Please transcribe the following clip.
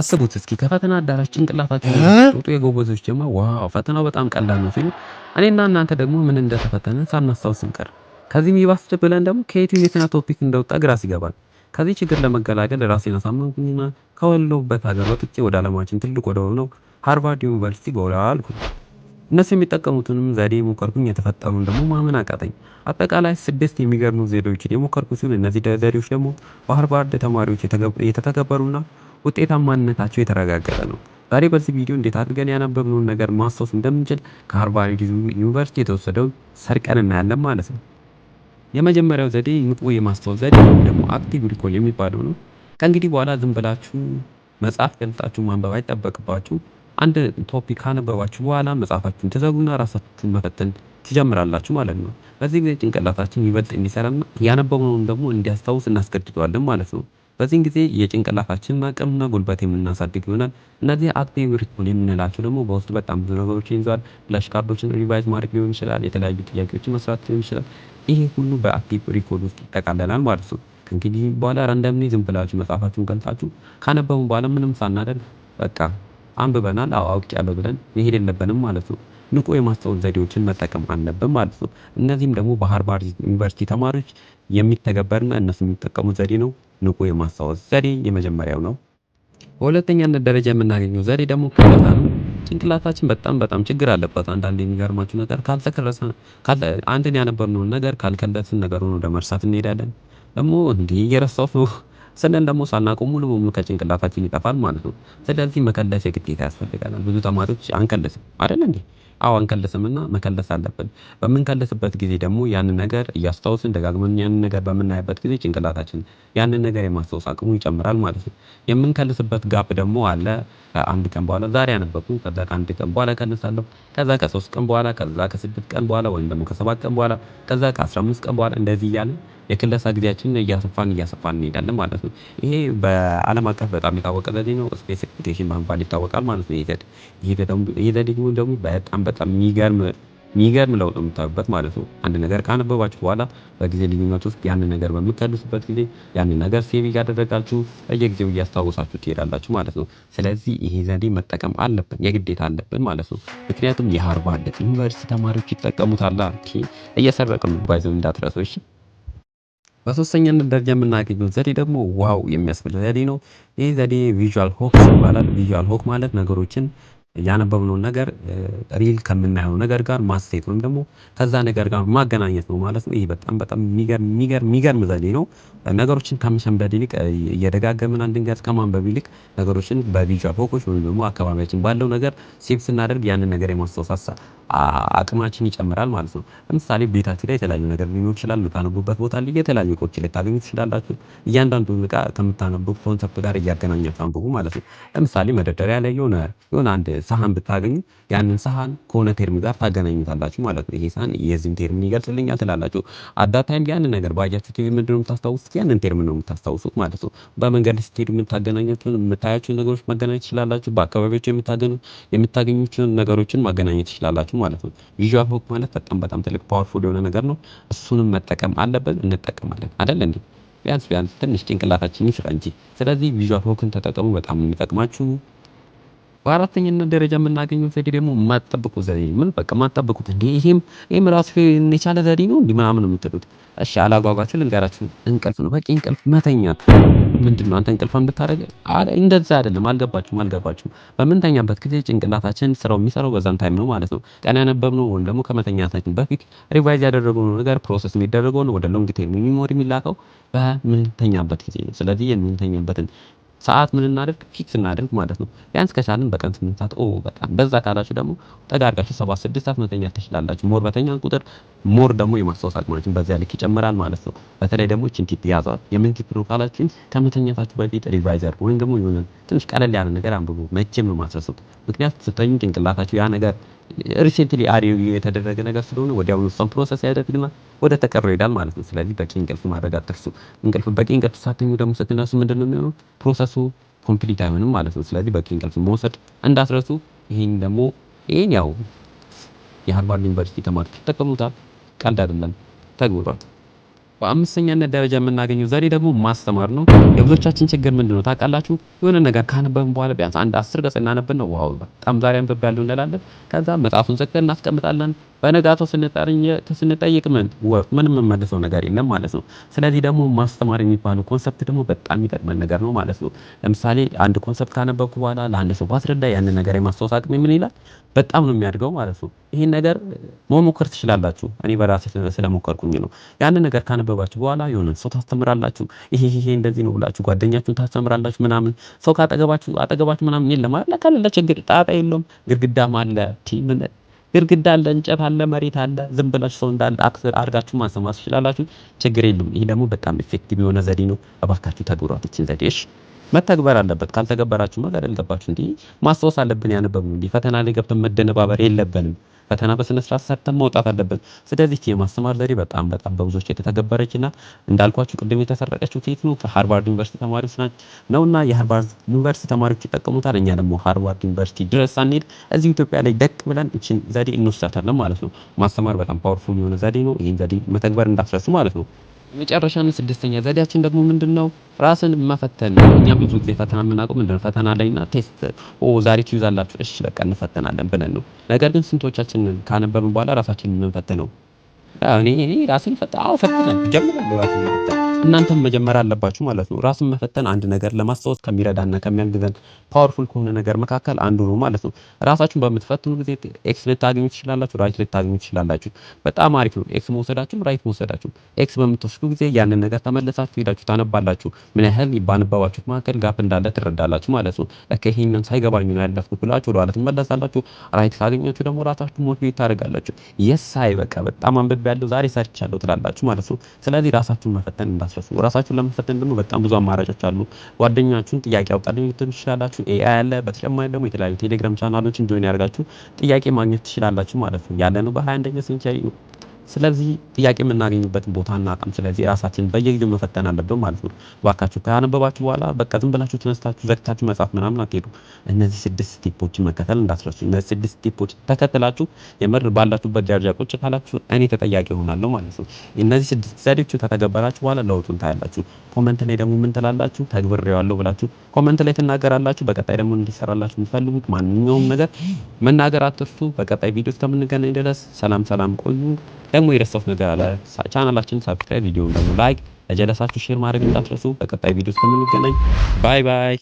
አስቡት እስኪ ከፈተና አዳራሽ ጭንቅላታችሁ ጡጡ የጎበዞች ጀማ ዋው ፈተናው በጣም ቀላል ነው ሲሉ እኔና እናንተ ደግሞ ምን እንደተፈተነ ሳናስታውስ ስንቀር ከዚህም ይባስ ብለን ደግሞ ከየት የትና ቶፒክ እንደወጣ ግራ ሲገባል። ከዚህ ችግር ለመገላገል ራሴን አሳመንኩኝና ከወለሁበት ሀገር ወጥቼ ወደ አለማችን ትልቅ ወደ ሆነው ሃርቫርድ ዩኒቨርሲቲ ጎራ አልኩ። እነሱ የሚጠቀሙትንም ዘዴ የሞከርኩኝ የተፈጠሩን ደግሞ ማመን አቃተኝ። አጠቃላይ ስድስት የሚገርሙ ዘዴዎችን የሞከርኩ ሲሆን እነዚህ ዘዴዎች ደግሞ በሃርቫርድ ተማሪዎች የተተገበሩና ውጤታማነታቸው የተረጋገጠ ነው። ዛሬ በዚህ ቪዲዮ እንዴት አድርገን ያነበብነውን ነገር ማስታወስ እንደምንችል ከሃርቫርድ ዩኒቨርሲቲ የተወሰደው ሰርቀን እናያለን ማለት ነው። የመጀመሪያው ዘዴ ንቁ የማስታወስ ዘዴ ወይም ደግሞ አክቲቭ ሪኮል የሚባለው ነው። ከእንግዲህ በኋላ ዝም ብላችሁ መጽሐፍ ገልጣችሁ ማንበብ አይጠበቅባችሁ። አንድ ቶፒክ ካነበባችሁ በኋላ መጽሐፋችሁን ትዘጉና ራሳችሁን መፈተን ትጀምራላችሁ ማለት ነው። በዚህ ጊዜ ጭንቅላታችን ይበልጥ እንዲሰራና ያነበብነውን ደግሞ እንዲያስታውስ እናስገድደዋለን ማለት ነው። በዚህን ጊዜ የጭንቅላታችን አቅምና ጉልበት የምናሳድግ ይሆናል። እነዚህ አክቲቭ ሪቶል የምንላቸው ደግሞ በውስጡ በጣም ብዙ ነገሮችን ይዟል። ፍላሽ ካርዶችን ሪቫይዝ ማድረግ ሊሆን ይችላል። የተለያዩ ጥያቄዎችን መስራት ሊሆን ይችላል። ይሄ ሁሉ በአክቲቭ ሪኮርድ ውስጥ ይጠቃለላል ማለት ነው። ከእንግዲህ በኋላ ረንደምሊ ዝም ብላችሁ መጽሐፋችሁን ገልጣችሁ ካነበብን በኋላ ምንም ሳናደርግ በቃ አንብበናል አውቅ ያለ ብለን መሄድ የለብንም ማለት ነው። ንቁ የማስታወስ ዘዴዎችን መጠቀም አለብን ማለት ነው። እነዚህም ደግሞ በሃርቫርድ ዩኒቨርሲቲ ተማሪዎች የሚተገበርና እነሱ የሚጠቀሙት ዘዴ ነው ንቁ የማስታወስ ዘዴ የመጀመሪያው ነው። በሁለተኛነት ደረጃ የምናገኘው ዘዴ ደግሞ ክረሳ ነው። ጭንቅላታችን በጣም በጣም ችግር አለበት። አንዳንድ የሚገርማችሁ ነገር ካልተከረሰ አንድን ያነበርነውን ነገር ካልከለስን ነገሩን ወደ መርሳት እንሄዳለን። ደግሞ እንዲህ እየረሳሁት ነው ስንል ደግሞ ሳናውቀው ሙሉ በሙሉ ከጭንቅላታችን ይጠፋል ማለት ነው። ስለዚህ መከለስ የግዴታ ያስፈልጋል። ብዙ ተማሪዎች አንከለስም አይደል እንዴ? አዎ አንከልስምና መከለስ አለብን። በምንከልስበት ጊዜ ደግሞ ያንን ነገር እያስታወስን ደጋግመን ያንን ነገር በምናይበት ጊዜ ጭንቅላታችን ያንን ነገር የማስታወስ አቅሙ ይጨምራል ማለት ነው። የምንከልስበት ጋፕ ደግሞ አለ። ከአንድ ቀን በኋላ ዛሬ አነበብኩኝ ከዛ ከአንድ ቀን በኋላ ከነሳለሁ፣ ከዛ ከሶስት ቀን በኋላ ከዛ ከስድስት ቀን በኋላ ወይም ደግሞ ከሰባት ቀን በኋላ ከዛ ከአስራ አምስት ቀን በኋላ እንደዚህ እያልን የክለሳ ጊዜያችን እያሰፋን እያሰፋን እንሄዳለን ማለት ነው። ይሄ በአለም አቀፍ በጣም የታወቀ ዘዴ ነው ስፔስ ኤክስቴንሽን በመባል ይታወቃል ማለት ነው። ይሄ ዘዴ ይሄ ዘዴ ደግሞ በጣም በጣም የሚገርም የሚገርም ለውጥ የምታዩበት ማለት ነው። አንድ ነገር ካነበባችሁ በኋላ በጊዜ ልዩነት ውስጥ ያንን ነገር በምትቀንሱበት ጊዜ ያንን ነገር ሴቭ እያደረጋችሁ በየጊዜው እያስታወሳችሁ ትሄዳላችሁ ማለት ነው። ስለዚህ ይሄ ዘዴ መጠቀም አለብን የግዴታ አለብን ማለት ነው። ምክንያቱም የሃርቫርድ ዩኒቨርሲቲ ተማሪዎች ይጠቀሙታል እየሰረቅን ባይዘው እንዳትረሰው እሺ በሶስተኛነት ደረጃ የምናገኘው ዘዴ ደግሞ ዋው የሚያስብል ዘዴ ነው። ይህ ዘዴ ቪዥዋል ሆክ ይባላል። ቪዥዋል ሆክ ማለት ነገሮችን ያነበብነውን ነገር ሪል ከምናየው ነገር ጋር ማስተያየት ወይም ደግሞ ከዛ ነገር ጋር ማገናኘት ነው ማለት ነው። ይሄ በጣም በጣም የሚገርም ዘዴ ነው። ነገሮችን ከመሸምደድ ይልቅ እየደጋገምን አንድን ገጽ ከማንበብ ይልቅ ነገሮችን በቢጫ ፎቆች ወይም ደግሞ አካባቢያችን ባለው ነገር ሴቭ ስናደርግ ያንን ነገር የማስታወስ አቅማችን ይጨምራል ማለት ነው። ለምሳሌ ቤታችሁ ላይ የተለያዩ ነገር ሊኖር ይችላል ልታነቡበት ቦታ ላይ የተለያዩ እቃዎች ልታገኙ ትችላላችሁ። እያንዳንዱ እቃ ከምታነቡ ኮንሰፕት ጋር እያገናኛችሁ አንብቡ ማለት ነው። ለምሳሌ መደርደሪያ ላይ የሆነ የሆነ አንድ ሳህን ብታገኙ ያንን ሳህን ከሆነ ቴርም ጋር ታገናኙታላችሁ ማለት ነው። ይሄ ሳህን የዚህን ቴርም ይገልጽልኛል ትላላችሁ። አዳታይም ያንን ነገር ባያችሁ ቲቪ ምንድነው የምታስታውሱት? ያንን ቴርም ነው የምታስታውሱት ማለት ነው። በመንገድ ስትሄዱ የምታገናኛችሁ የምታያችሁ ነገሮች መገናኘት ትችላላችሁ። በአካባቢዎች የምታገኙ የምታገኙትን ነገሮችን ማገናኘት ትችላላችሁ ማለት ነው። ቪዥዋል ሆክ ማለት በጣም በጣም ትልቅ ፓወርፉል የሆነ ነገር ነው። እሱንም መጠቀም አለብን እንጠቀማለን አይደል እንዴ? ቢያንስ ቢያንስ ትንሽ ጭንቅላታችን ይስራ እንጂ። ስለዚህ ቪዥዋል ሆክን ተጠቀሙ በጣም የሚጠቅማችሁ በአራተኝነት ደረጃ የምናገኘው ዘዴ ደግሞ የማትጠብቁት ዘዴ ምን በቃ የማትጠብቁት እንዴ ይሄም ይህም ራሱ የቻለ ዘዴ ነው እንዲ ምናምን የምትሉት። እሺ አላጓጓችሁ ልንገራችሁ፣ እንቅልፍ ነው በቂ እንቅልፍ መተኛ ምንድን ነው አንተ እንቅልፋም ብታደርግ እንደዛ አይደለም። አልገባችሁም አልገባችሁም። በምንተኛበት ጊዜ ጭንቅላታችን ስራው የሚሰራው በዛን ታይም ነው ማለት ነው። ቀን ያነበብነው ወይም ደግሞ ከመተኛታችን በፊት ሪቫይዝ ያደረገው ነገር ፕሮሰስ የሚደረገው ወደ ሎንግ ቴርም ሚሞሪ የሚላከው በምንተኛበት ጊዜ ነው። ስለዚህ የምንተኛበትን ሰዓት ምን እናድርግ ፊክስ እናድርግ ማለት ነው። ቢያንስ ከቻልን በቀን ስምንት ሰዓት ኦ በቃ በዛ ካላችሁ ደግሞ ጠጋ አድርጋችሁ ሰባት ስድስት ሰዓት መተኛት ትችላላችሁ። ሞር በተኛን ቁጥር ሞር ደግሞ የማስታወስ አቅማችን በዚያ ልክ ይጨምራል ማለት ነው። በተለይ ደግሞ እችን ቲፕ ያዟት። የምን ቲፕ ነው ካላችን ከመተኛታችሁ በፊት ሪቫይዘር ወይም ደግሞ የሆነ ትንሽ ቀለል ያለ ነገር አንብቡ። መቼም ነው ማስረሱት። ምክንያቱም ስተኙ ጭንቅላታችሁ ያ ነገር ሪሴንትሊ አሪው የተደረገ ነገር ስለሆነ ወዲያውኑ እሷን ፕሮሰስ ያደርግና ወደ ተቀረው ይሄዳል ማለት ነው። ስለዚህ በቂ እንቅልፍ ማድረግ አትርሱ። እንቅልፍ በቂ እንቅልፍ ሳተኙ ደግሞ ስትነሱ ምንድን ነው የሚሆነው? ፕሮሰሱ ኮምፕሊት አይሆንም ማለት ነው። ስለዚህ በቂ እንቅልፍ መውሰድ እንዳትረሱ። ይህን ደግሞ ይህን ያው የሃርቫርድ ዩኒቨርሲቲ ተማሪዎች ይጠቀሙታል። ቀልድ አይደለም፣ ተግባር። በአምስተኛነት ደረጃ የምናገኘው ዘዴ ደግሞ ማስተማር ነው። የብዙዎቻችን ችግር ምንድነው ታውቃላችሁ? የሆነ ነገር ካነበብን በኋላ ቢያንስ አንድ አስር ገጽ እናነብና ዋው በጣም ዛሬ አንብቤያለሁ እንላለን። ከዛ መጽሐፉን ዘግተን እናስቀምጣለን። በነጋታው ስንጠይቅ ምን ምን የምመልሰው ነገር የለም ማለት ነው። ስለዚህ ደግሞ ማስተማር የሚባለው ኮንሰፕት ደግሞ በጣም የሚጠቅመን ነገር ነው ማለት ነው። ለምሳሌ አንድ ኮንሰፕት ካነበብኩ በኋላ ለአንድ ሰው ባስረዳ ያን ነገር የማስታወስ አቅሜ ምን ይላል በጣም ነው የሚያድገው ማለት ነው። ይህን ነገር መሞከር ትችላላችሁ እኔ በራሴ ስለሞከርኩኝ ነው። ያንን ነገር ካነበባችሁ በኋላ የሆነ ሰው ታስተምራላችሁ ይሄ ይሄ እንደዚህ ነው ብላችሁ ጓደኛችሁን ታስተምራላችሁ ምናምን ሰው ካጠገባችሁ አጠገባችሁ ምናምን የለም አይደል ችግር ጣጣ የለውም ግድግዳም አለ። ግድግዳ አለ፣ እንጨት አለ፣ መሬት አለ። ዝም ብላችሁ ሰው እንዳለ አድርጋችሁ ማሰማት ትችላላችሁ። ችግር የለም። ይሄ ደግሞ በጣም ኢፌክቲቭ የሆነ ዘዴ ነው። እባካችሁ ተግብሯት ይችን ዘዴ እሺ። መተግበር አለበት። ካልተገበራችሁማ ገደል ገባችሁ። እንዲህ ማስታወስ አለብን ያነበብ እንዲህ ፈተና ላይ ገብተን መደነባበር የለብንም። ፈተና በስነ ስርዓት ሰርተን መውጣት አለብን። ስለዚህ የማስተማር ዘዴ በጣም በጣም በብዙዎች የተተገበረች ናት። እንዳልኳችሁ ቅድም የተሰረቀችው ቴት ነው ከሃርቫርድ ዩኒቨርሲቲ ተማሪዎች ነው እና የሃርቫርድ ዩኒቨርሲቲ ተማሪዎች ይጠቀሙታል። እኛ ደግሞ ሃርቫርድ ዩኒቨርሲቲ ድረስ ሳንሄድ እዚህ ኢትዮጵያ ላይ ደቅ ብለን እችን ዘዴ እንወስዳታለን ማለት ነው። ማስተማር በጣም ፓወርፉል የሆነ ዘዴ ነው። ይህን ዘዴ መተግበር እንዳትረሱ ማለት ነው። የመጨረሻና ስድስተኛ ዘዴያችን ደግሞ ምንድነው? ራስን መፈተን እኛ ብዙ ጊዜ ፈተና የምናውቀው ምንድነው? ፈተና ላይና ቴስት ኦ ዛሬ ኪዩዝ እሺ በቃ እንፈተናለን ብለን ነው። ነገር ግን ስንቶቻችንን ካነበብን በኋላ ራሳችንን የምንፈትነው? እኔ ራስን ፈታ አዎ ፈትነን ጀምረን መፈተን እናንተም መጀመር አለባችሁ ማለት ነው። ራስን መፈተን አንድ ነገር ለማስታወስ ከሚረዳና ከሚያግዘን ፓወርፉል ከሆነ ነገር መካከል አንዱ ነው ማለት ነው። ራሳችሁን በምትፈትኑ ጊዜ ኤክስ ልታገኙ ትችላላችሁ፣ ራይት ልታገኙ ትችላላችሁ። በጣም አሪፍ ነው። ኤክስ መውሰዳችሁም ራይት መውሰዳችሁም ኤክስ በምትወስዱ ጊዜ ያንን ነገር ተመለሳችሁ ሄዳችሁ ታነባላችሁ። ምን ያህል ባነበባችሁት መካከል ጋፕ እንዳለ ትረዳላችሁ ማለት ነው። ለካ ይሄንን ሳይገባኝ ነው ያለፍኩት ብላችሁ ወደኋላ ትመለሳላችሁ። ራይት ካገኛችሁ ደግሞ ራሳችሁ ሞቲቬት ታደርጋላችሁ። የሳይ በቃ በጣም አንብቤያለሁ ዛሬ ሰርቻለሁ ትላላችሁ ማለት ነው። ስለዚህ ራሳችሁን መፈተን አታስረሱ። ራሳችሁን ለመፈተን ደግሞ በጣም ብዙ አማራጮች አሉ። ጓደኛችሁን ጥያቄ አውጣልኝ ትችላላችሁ። ኤአይ አለ። በተጨማሪ ደግሞ የተለያዩ ቴሌግራም ቻናሎችን ጆይን ያደርጋችሁ ጥያቄ ማግኘት ትችላላችሁ ማለት ነው። ያለነው በሃያ አንደኛ ሴንቸሪ ነው። ስለዚህ ጥያቄ የምናገኝበትን ቦታ እናጣም። ስለዚህ ራሳችን በየጊዜው መፈተን አለብን ማለት ነው። እባካችሁ ካነበባችሁ በኋላ በቃ ዝም ብላችሁ ተነስታችሁ ዘግታችሁ መጽሐፍ ምናምን አትሄዱ። እነዚህ ስድስት ስቴፖችን መከተል እንዳትረሱ። እነዚህ ስድስት ስቴፖች ተከትላችሁ የምር ባላችሁበት ደረጃ ቁጭ ካላችሁ እኔ ተጠያቂ እሆናለሁ ማለት ነው። እነዚህ ስድስት ዘዴዎቹ ከተገበራችሁ በኋላ ለውጡን ታያላችሁ። ኮመንት ላይ ደግሞ ምን ትላላችሁ? ተግብሬዋለሁ ብላችሁ ኮመንት ላይ ትናገራላችሁ። በቀጣይ ደግሞ እንዲሰራላችሁ የምትፈልጉት ማንኛውም ነገር መናገር አትርሱ። በቀጣይ ቪዲዮ እስከምንገናኝ ድረስ ሰላም ሰላም ቆዩ። ደግሞ የረሳሁት ነገር አለ። ቻናላችን ሰብስክራይብ፣ ቪዲዮ ደግሞ ላይክ ለጀለሳችሁ ሼር ማድረግ እንዳትረሱ። በቀጣይ ቪዲዮ እስከምንገናኝ ባይ ባይ።